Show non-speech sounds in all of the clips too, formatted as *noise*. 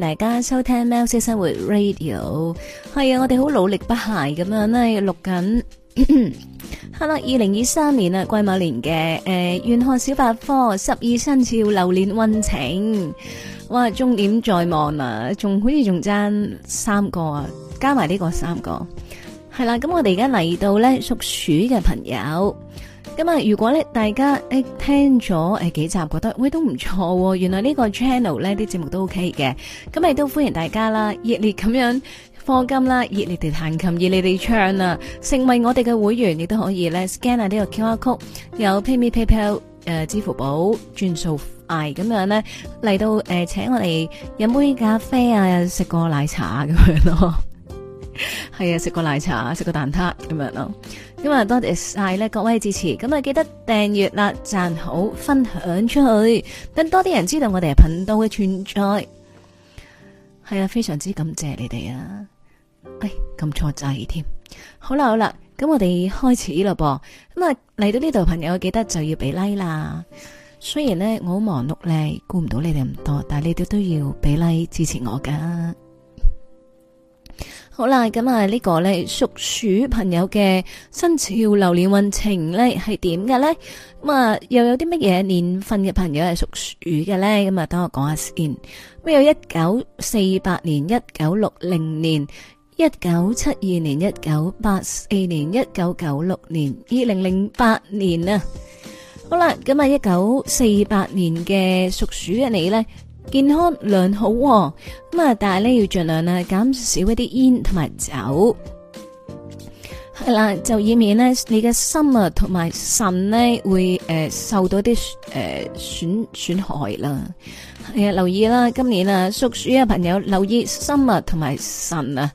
大家收聽《喵式生活 Radio》，係啊，我哋好努力不懈咁樣咧，錄緊。好啦，二零二三年啊，癸卯年嘅誒，玄、呃、學小百科，十二生肖流年運程。哇，終點在望啊，仲好似仲爭三個啊，加埋呢個三個，係啦。咁我哋而家嚟到咧，屬鼠嘅朋友。咁啊！如果咧大家誒聽咗誒幾集，覺得喂都唔錯，原來呢個 channel 咧啲節目都 OK 嘅。咁亦都歡迎大家啦！熱烈咁樣課金啦，熱烈地彈琴，熱烈地唱啊！成為我哋嘅會員，亦都可以咧 scan 下呢個 QR code，有 PayMePayPal 誒、呃，支付寶轉數快咁樣咧嚟到誒、呃，請我哋飲杯咖啡啊，食個奶茶咁樣咯。係 *laughs* 啊，食個奶茶，食個蛋撻咁樣咯。今日多謝晒咧各位支持，咁啊記得訂閱啦，讚好，分享出去，等多啲人知道我哋嘅頻道嘅存在。係啊，非常之感謝你哋啊！唉、哎，撳錯掣添。好啦好啦，咁我哋開始啦噃。咁啊嚟到呢度，朋友記得就要俾 like 啦。雖然咧我好忙碌咧，顧唔到你哋咁多，但係你哋都要俾 like 支持我噶。好啦，咁啊呢個呢，屬鼠朋友嘅生肖流年運程呢係點嘅呢？咁啊又有啲乜嘢年份嘅朋友係屬鼠嘅呢？咁啊等我講下先。咁啊有一九四八年、一九六零年、一九七二年、一九八四年、一九九六年、二零零八年啊。好啦，咁啊一九四八年嘅屬鼠嘅你呢。健康良好咁、哦、啊，但係咧要盡量咧減少一啲煙同埋酒，係啦，就以免呢，你嘅心啊同埋腎呢會誒、呃、受到啲誒損損害啦。係啊，留意啦，今年啊屬鼠嘅朋友留意心物同埋腎啊。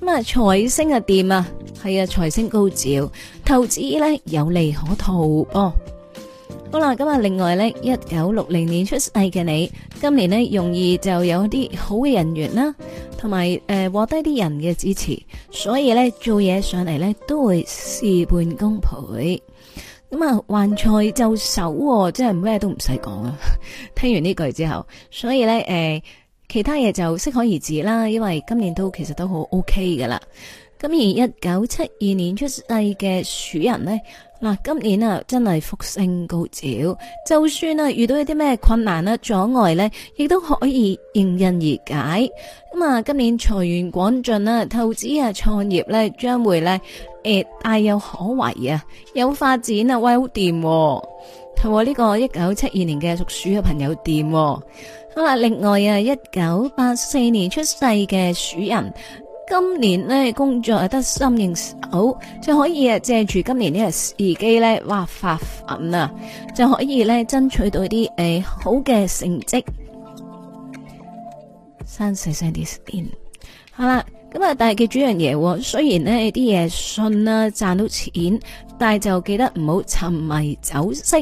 咁、嗯、啊，啊，財星啊掂啊，係啊，財星高照，投資呢有利可圖哦。好啦，咁啊，另外呢，一九六零年出世嘅你，今年呢，容易就有啲好嘅人緣啦，同埋誒獲低啲人嘅支持，所以呢，做嘢上嚟呢，都會事半功倍。咁啊，橫財就手，真係咩都唔使講啦。聽完呢句之後，所以呢，誒、呃、其他嘢就適可而止啦，因為今年都其實都好 OK 㗎啦。咁而一九七二年出世嘅鼠人呢。嗱，今年啊，真係福星高照，就算啊遇到一啲咩困難阻礙咧，亦都可以迎刃而解。咁、嗯、啊，今年財源廣進啦，投資啊、創業咧，將會咧誒大有可為啊，有發展啊，喂好掂。同我呢個一九七二年嘅屬鼠嘅朋友掂，啊。好啦，另外啊，一九八四年出世嘅鼠人。今年咧工作得心應手，就可以啊借住今年呢個時機咧，哇發奮啊，就可以咧爭取到啲誒、呃、好嘅成績。三四聲啲音，好啦，咁啊，但係記住一樣嘢，雖然呢啲嘢信啦賺到錢，但係就記得唔好沉迷酒色，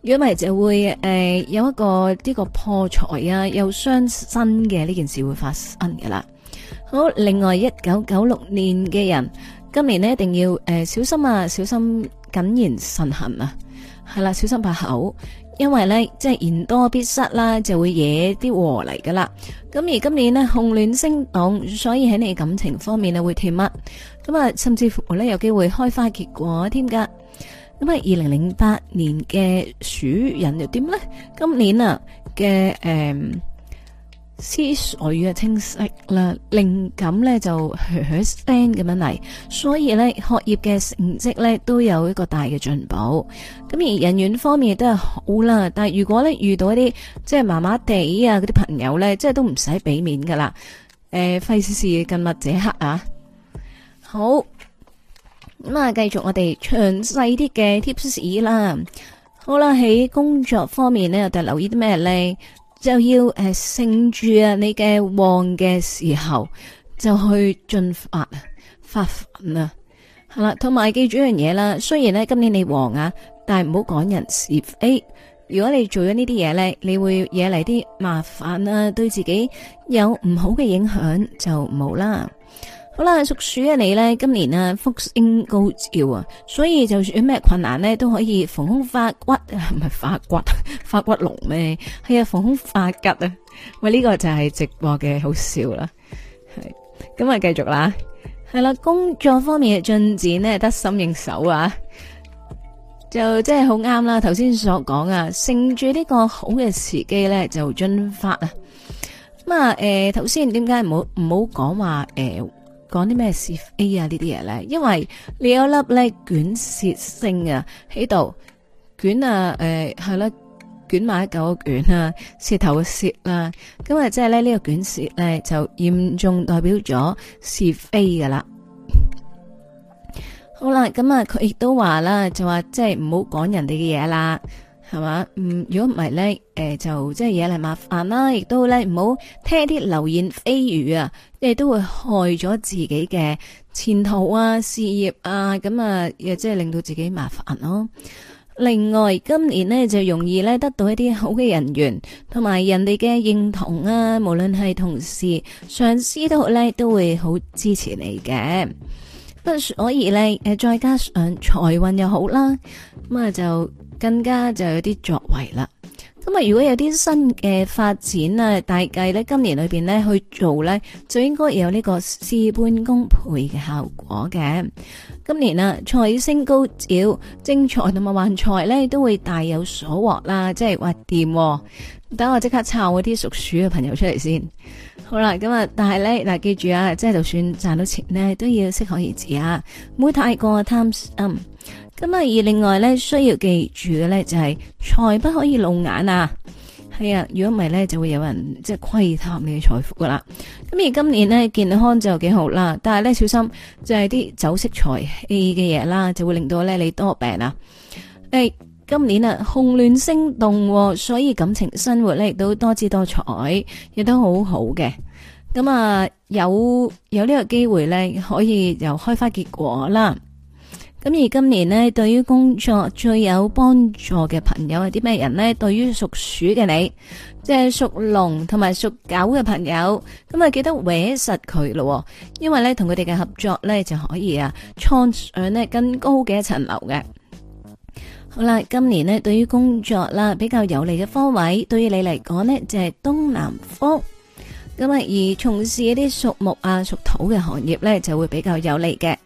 如果咪就會誒、呃、有一個呢個破財啊又傷身嘅呢件事會發生噶啦。好，另外一九九六年嘅人，今年咧一定要誒小心啊，小心謹言慎行啊，係啦，小心把口，因為咧即係言多必失啦，就會惹啲禍嚟噶啦。咁而今年咧，紅鸞星動，所以喺你感情方面啊會甜蜜，咁啊甚至乎咧有機會開花結果添噶。咁啊，二零零八年嘅鼠人又點咧？今年啊嘅誒。思緒嘅清晰啦，靈感咧就 expand 咁樣嚟，所以咧學業嘅成績咧都有一個大嘅進步。咁而人員方面亦都係好啦，但係如果咧遇到一啲即係麻麻地啊嗰啲朋友咧，即係都唔使俾面噶啦。誒、呃，費事事近日者黑啊，好咁啊，繼續我哋詳細啲嘅 tips 啦。好啦，喺工作方面咧又第留意啲咩咧？就要誒，乘住啊你嘅旺嘅時候就去進發發奮啊係啦，同埋記住一樣嘢啦。雖然咧今年你旺啊，但係唔好講人事。誒、哎，如果你做咗呢啲嘢咧，你會惹嚟啲麻煩啊，對自己有唔好嘅影響就冇啦。好啦，屬鼠嘅你咧，今年啊 *noise* 福星高照啊，所以就算有咩困難咧，都可以逢凶化骨，唔、啊、係發骨發骨龍咩？係啊，逢凶化吉啊。喂、哎，呢、呢個就係直播嘅，好笑啦。係咁啊，繼續啦。係啦，工作方面嘅進展呢，得心應手啊，就真係好啱啦。頭先所講啊，乘住呢個好嘅時機咧，就進發啊。咁啊，誒、呃，頭先點解唔好唔好講話誒？講啲咩是非啊呢啲嘢咧，因為你有粒咧捲舌性啊喺度捲啊，誒係啦，捲埋一嚿卷啦，舌頭嘅舌啦，咁啊即係咧呢個捲舌咧就嚴重代表咗是非噶啦。好啦，咁啊佢亦都話啦，就話即係唔好講人哋嘅嘢啦。係嘛？嗯，如果唔係咧，誒、呃，就即係惹嚟麻煩啦。亦都咧唔好聽啲流言蜚語啊，即係都會害咗自己嘅前途啊、事業啊。咁啊，亦即係令到自己麻煩咯。另外，今年呢，就容易咧得到一啲好嘅人緣，同埋人哋嘅認同啊。無論係同事、上司都好咧都會好支持你嘅。不所以咧，誒，再加上財運又好啦，咁啊就。更加就有啲作為啦，咁啊如果有啲新嘅發展啊，大計咧，今年裏面咧去做咧，就應該有呢個事半功倍嘅效果嘅。今年啊，財星高照，正財同埋橫財咧都會大有所獲啦，即係哇掂！等我即刻抄嗰啲屬鼠嘅朋友出嚟先。好啦，咁啊，但係咧嗱，記住啊，即係就算賺到錢咧，都要適可而止啊，唔好太過貪，嗯。咁啊！而另外咧，需要記住嘅咧就係財不可以露眼啊。係啊，如果唔係咧，就會有人即係窺探你嘅財富噶啦。咁而今年呢，健康就幾好啦，但係咧小心就係啲酒色財氣嘅嘢，啦就會令到咧你多病啊。誒，今年啊，紅鸞星動，哦，所以感情生活咧亦都多姿多彩，亦都好好嘅。咁啊，有有呢個機會咧，可以又開花結果啦。咁而今年呢，對於工作最有幫助嘅朋友係啲咩人呢？對於屬鼠嘅你，即係屬龍同埋屬狗嘅朋友，咁啊，記得搲實佢咯，因為咧同佢哋嘅合作咧就可以啊，創上呢更高嘅一層樓嘅。好啦，今年呢，對於工作啦比較有利嘅方位，對於你嚟講呢，就係東南方。咁啊，而從事一啲屬木啊、屬土嘅行業呢，就會比較有利嘅。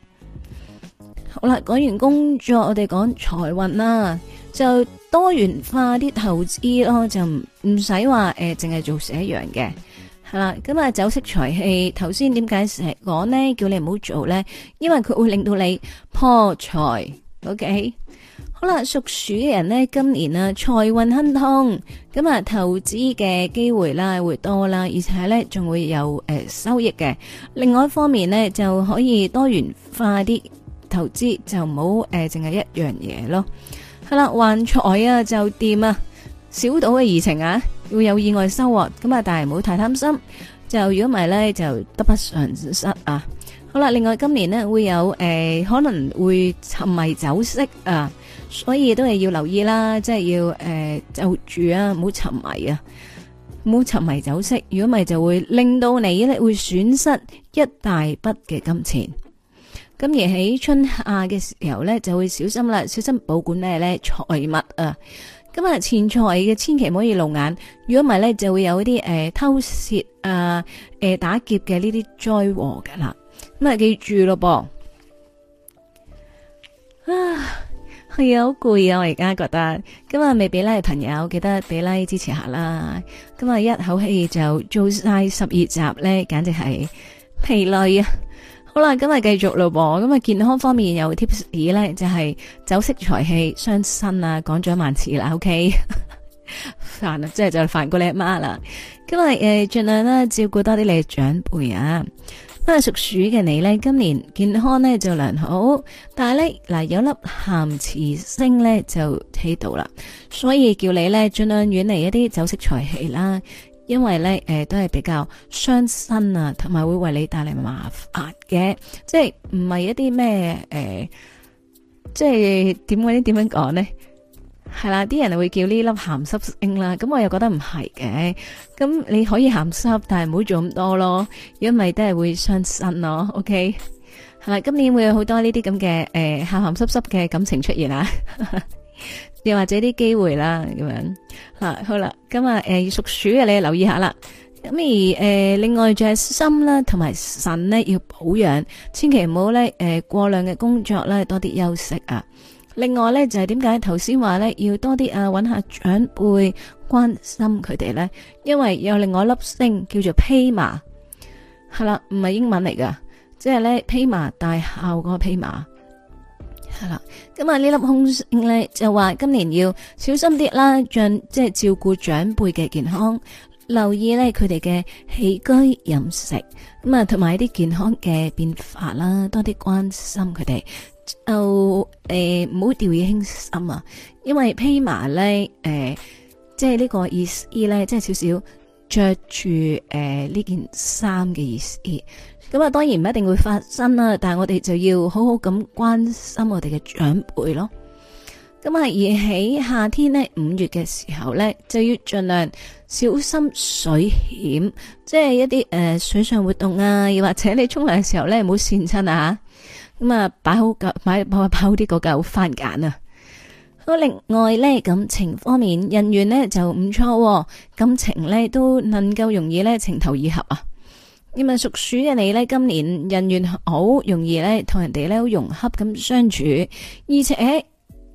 好啦，講完工作，我哋講財運啦，就多元化啲投資咯，就唔使話誒，淨、呃、係做一樣嘅係啦。咁啊、嗯，酒色財氣，頭先點解我呢叫你唔好做呢，因為佢會令到你破財。O、okay? K，好啦，屬鼠嘅人呢，今年啊財運亨通，咁、嗯、啊投資嘅機會啦會多啦，而且呢，仲會有誒、呃、收益嘅。另外一方面呢，就可以多元化啲。投資就唔好誒，淨係一樣嘢咯。係啦，玩彩啊就掂啊，小賭嘅怡情啊，會有意外收穫。咁啊，但係唔好太貪心。就如果唔係咧，就得不償失啊。好啦，另外今年呢會有誒、呃，可能會沉迷酒色啊，所以都係要留意啦，即係要誒、呃、就住啊，唔好沉迷啊，唔好沉迷酒色。如果唔係，就會令到你咧會損失一大筆嘅金錢。咁而喺春夏嘅時候咧，就會小心啦，小心保管呢咧財物啊！咁、嗯、啊，錢財嘅千祈唔可以露眼，如果唔係咧，就會有一啲誒、呃、偷竊啊、誒、呃呃、打劫嘅呢啲災禍噶啦。咁、嗯、啊，記住咯噃啊，係啊好攰啊！我而家覺得今日未俾拉嘅朋友，記得俾拉支持下啦。今、嗯、日一口氣就做晒十二集咧，簡直係疲累啊！好啦，今日繼續咯噃，咁啊健康方面有 tips 咧，就係、是、酒色財氣傷身啊，講咗一萬次啦，OK，煩 *laughs* 啦，即係就煩過你阿媽啦。今日誒、呃，盡量照顧多啲你嘅長輩啊。咁啊，屬鼠嘅你呢，今年健康呢就良好，但係呢，嗱、呃、有粒咸池星呢就喺度啦，所以叫你呢盡量遠離一啲酒色財氣啦。因為咧，誒、呃，都係比較傷身啊，同埋會為你帶嚟麻煩嘅，即係唔係一啲咩，誒、呃，即係點嗰啲點樣講咧？係啦，啲人會叫呢粒鹹濕星啦，咁我又覺得唔係嘅，咁你可以鹹濕，但係唔好做咁多咯，因為都係會傷身咯，啊。OK，係啦，今年會有好多呢啲咁嘅，誒、呃，鹹鹹濕濕嘅感情出現啦。 *laughs* 又或者啲機會啦，咁樣嗱、啊，好啦，咁啊，誒、呃，屬鼠嘅你留意下啦，咁而誒、呃，另外就係心啦，同埋腎呢，要保養，千祈唔好咧，誒、呃，過量嘅工作啦，多啲休息啊。另外咧就係點解頭先話咧要多啲啊，揾下長輩關心佢哋咧，因為有另外粒星叫做披麻，係啦，唔係英文嚟㗎，即係咧披麻戴孝嗰個披麻。係、嗯、啦，咁啊呢粒空星咧就話今年要小心啲啦，盡即係照顧長輩嘅健康，留意咧佢哋嘅起居飲食，咁啊同埋啲健康嘅變化啦，多啲關心佢哋，就誒唔好掉以輕心啊！因為披麻咧誒，即係呢個意思咧，即係少少着住誒呢件衫嘅意思。咁啊，當然唔一定會發生啦，但係我哋就要好好咁關心我哋嘅長輩咯。咁啊，而喺夏天呢，五月嘅時候呢，就要盡量小心水險，即係一啲誒、呃、水上活動啊，又或者你沖涼嘅時候呢，唔好跣親啊咁啊，擺好個擺好啲個嚿番梘啊。好，另外呢，感情方面，人緣呢就唔錯，感情呢都能夠容易呢，情投意合啊。因為屬鼠嘅你呢，今年人緣好容易呢，同人哋呢好融洽咁相處，而且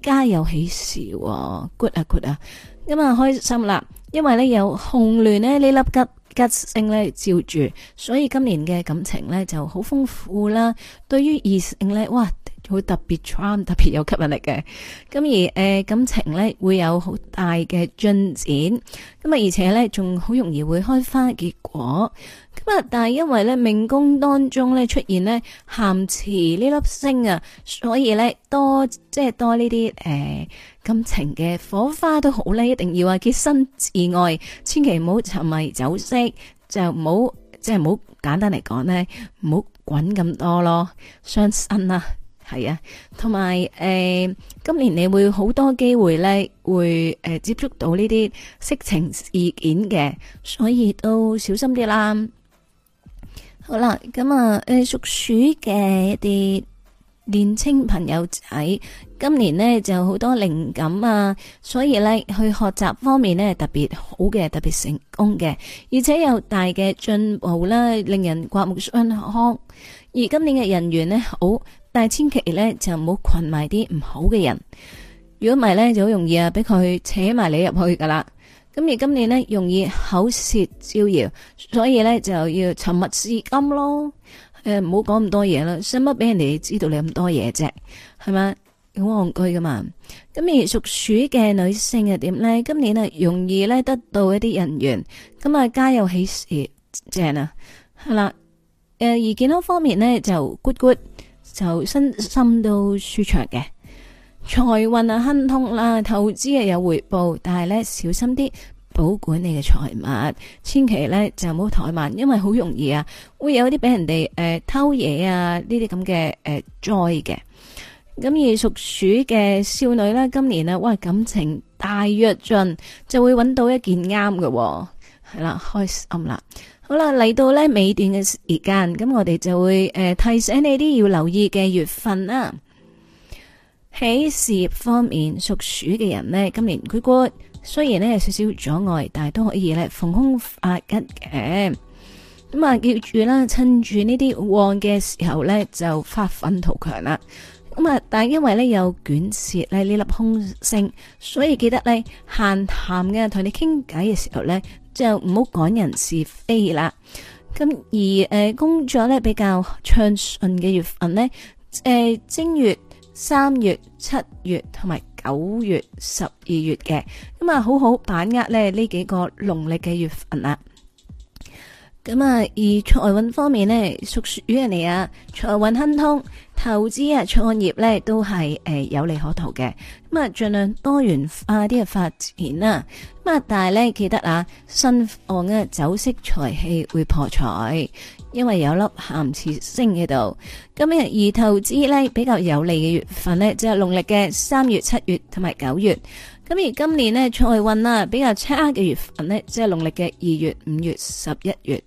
家有喜事喎，good 啊 good 啊，咁啊、嗯、開心啦，因為呢有紅鸞呢，呢粒吉吉星呢照住，所以今年嘅感情呢就好豐富啦，對於異性呢，哇！好特別，charm 特別有吸引力嘅。咁而誒、呃、感情咧會有好大嘅進展，咁啊而且咧仲好容易會開花結果。咁啊，但係因為咧命宮當中咧出現咧咸池呢粒星啊，所以咧多即係多呢啲誒感情嘅火花都好咧，一定要啊潔身自愛，千祈唔好沉迷酒色，就唔好即係唔好簡單嚟講咧，唔好滾咁多咯，傷身啊！係啊，同埋誒，今年你會好多機會呢，會誒、呃、接觸到呢啲色情事件嘅，所以都小心啲啦。好啦，咁啊，誒、呃，屬鼠嘅一啲年輕朋友仔，今年呢就好多靈感啊，所以呢去學習方面呢特別好嘅，特別成功嘅，而且有大嘅進步啦，令人刮目相看。而今年嘅人緣呢，好、哦。但係千祈咧，就唔好群埋啲唔好嘅人。如果唔係咧，就好容易啊，俾佢扯埋你入去噶啦。咁而今年咧，容易口舌招搖，所以咧就要沉默是金咯。誒、呃，唔好講咁多嘢啦，使乜俾人哋知道你咁多嘢啫？係咪？好戇居噶嘛。咁而屬鼠嘅女性又點咧？今年啊，容易咧得到一啲人緣咁啊，家有喜事正啊。係啦，誒，而健康方面咧，就 good good。就身心都舒暢嘅，財運啊亨通啦，投資啊有回報，但係咧小心啲保管你嘅財物，千祈咧就唔好怠慢，因為好容易啊會有啲俾人哋誒、呃、偷嘢啊呢啲咁嘅誒災嘅。咁、呃、而屬鼠嘅少女呢，今年啊哇感情大躍進，就會揾到一件啱嘅、啊，係啦，開心啦。好啦，嚟到呢尾段嘅時間，咁我哋就會誒、呃、提醒你啲要留意嘅月份啦。喺事業方面，屬鼠嘅人呢，今年佢過雖然呢咧少少阻礙，但係都可以咧逢凶化吉嘅。咁啊，記住啦，趁住呢啲旺嘅時候呢就發奮圖強啦。咁啊，但係因為呢有卷舌咧呢粒凶星，所以記得咧閒閒哋同你傾偈嘅時候呢。就唔好講人是非啦。咁而誒，工作咧比較暢順嘅月份呢，誒，正月、三月、七月同埋九月、十二月嘅。咁啊，好好把握咧呢幾個農曆嘅月份啦。咁啊，而財運方面呢，屬鼠人嚟啊，財運亨通，投資啊、創業呢都係誒有利可圖嘅。咁啊，盡量多元化啲嘅發展啦。咁啊，但係呢，記得啊，新旺嘅走失財氣會破財，因為有粒咸池星喺度。今日而投資呢，比較有利嘅月份呢，就係農曆嘅三月、七月同埋九月。咁而今年呢，財運啦比較差嘅月份呢，即係農曆嘅二月、五月、十一月。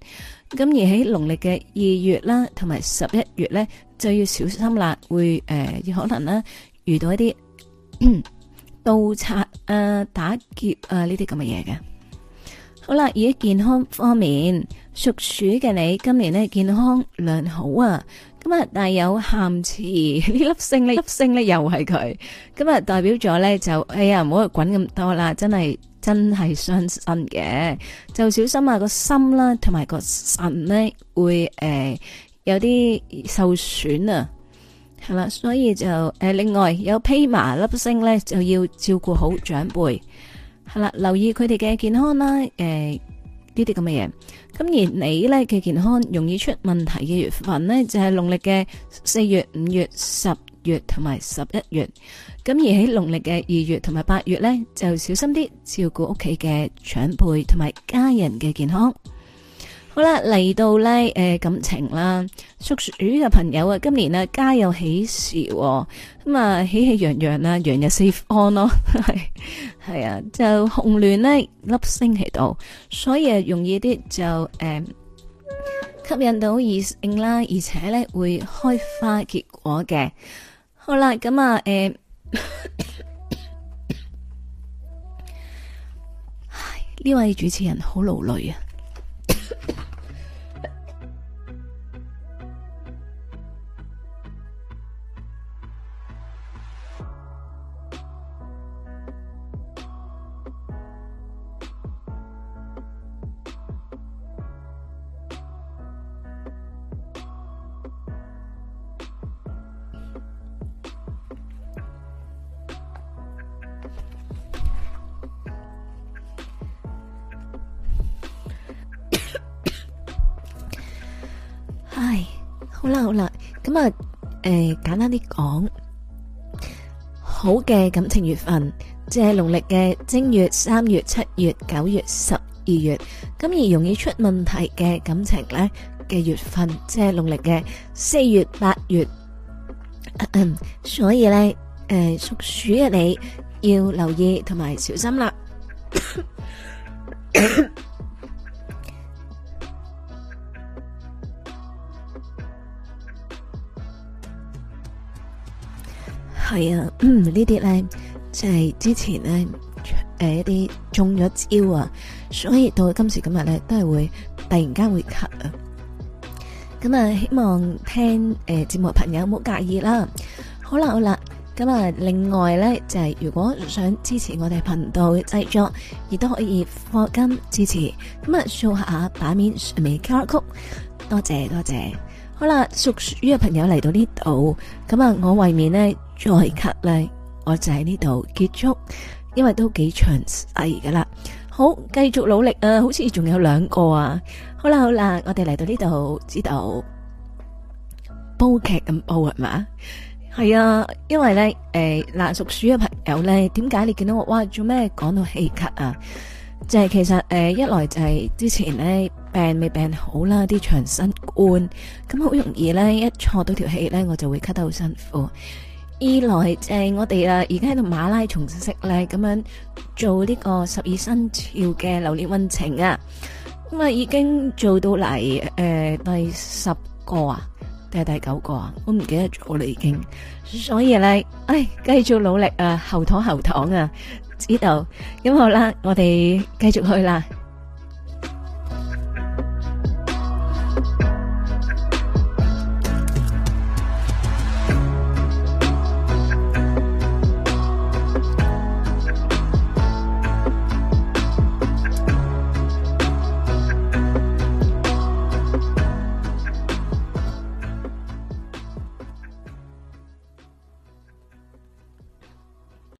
咁而喺農曆嘅二月啦，同埋十一月呢，就要小心啦，會誒、呃、可能呢，遇到一啲盜賊啊、打劫啊呢啲咁嘅嘢嘅。好啦，而喺健康方面。屬鼠嘅你，今年呢，健康良好啊！今日帶有鹹池，呢粒星呢粒星呢又係佢，今日代表咗呢，就哎呀，唔好去滾咁多啦，真係真係傷心嘅，就小心啊、個心啦、啊，同埋個腎呢會誒、呃、有啲受損啊，係啦，所以就誒、呃、另外有披麻粒星呢，就要照顧好長輩，係啦，留意佢哋嘅健康啦、啊，誒、呃。呢啲咁嘅嘢，咁而你呢嘅健康容易出問題嘅月份呢，就係農曆嘅四月、五月、十月同埋十一月。咁而喺農曆嘅二月同埋八月呢，就小心啲照顧屋企嘅長輩同埋家人嘅健康。好啦，嚟到呢，誒，感情啦，屬鼠嘅朋友啊，今年啊家有喜事，咁啊喜氣洋洋啦，洋日四方咯，係 *laughs* 係啊，就紅鸞呢粒星喺度，所以啊容易啲就誒、嗯、吸引到異性啦，而且咧會開花結果嘅。好啦，咁啊誒，呢、嗯、 *laughs* 位主持人好勞累啊！唉，好啦好啦，咁啊，誒，簡單啲講，好嘅感情月份，即係農曆嘅正月、三月、七月、九月、十二月，咁而容易出問題嘅感情呢嘅月份，即係農曆嘅四月、八月，所以呢，誒，屬鼠嘅你要留意同埋小心啦。係啊，嗯、呢啲咧就係、是、之前咧誒一啲中咗招啊，所以到今時今日咧都係會突然間會咳啊。咁啊，希望聽誒節、呃、目朋友唔好介意啦。好啦好啦，咁啊，另外咧就係、是、如果想支持我哋頻道嘅製作，亦都可以課金支持。咁啊，掃下版面上面嘅歌曲，多謝多謝。好啦，屬鼠嘅朋友嚟到呢度，咁啊，我為免呢。再咳呢，我就喺呢度結束，因為都幾詳細噶啦。好，繼續努力啊！好似仲有兩個啊。好啦，好啦，我哋嚟到呢度知道煲劇咁煲係嘛？係啊，因為呢，誒、呃、嗱，屬鼠嘅朋友呢，點解你見到我？哇，做咩講到氣咳啊？就係、是、其實誒、呃，一來就係之前呢，病未病好啦，啲長新冠，咁好容易呢，一錯到條氣呢，我就會咳得好辛苦。二來就係我哋啊，而家喺度馬拉松式咧咁樣做呢個十二生肖嘅流年運程啊，咁啊已經做到嚟，誒第十個啊定係第九個啊，我唔記得咗啦已經，所以咧，唉繼續努力啊，後堂後堂啊，呢度，咁好啦，我哋繼續去啦。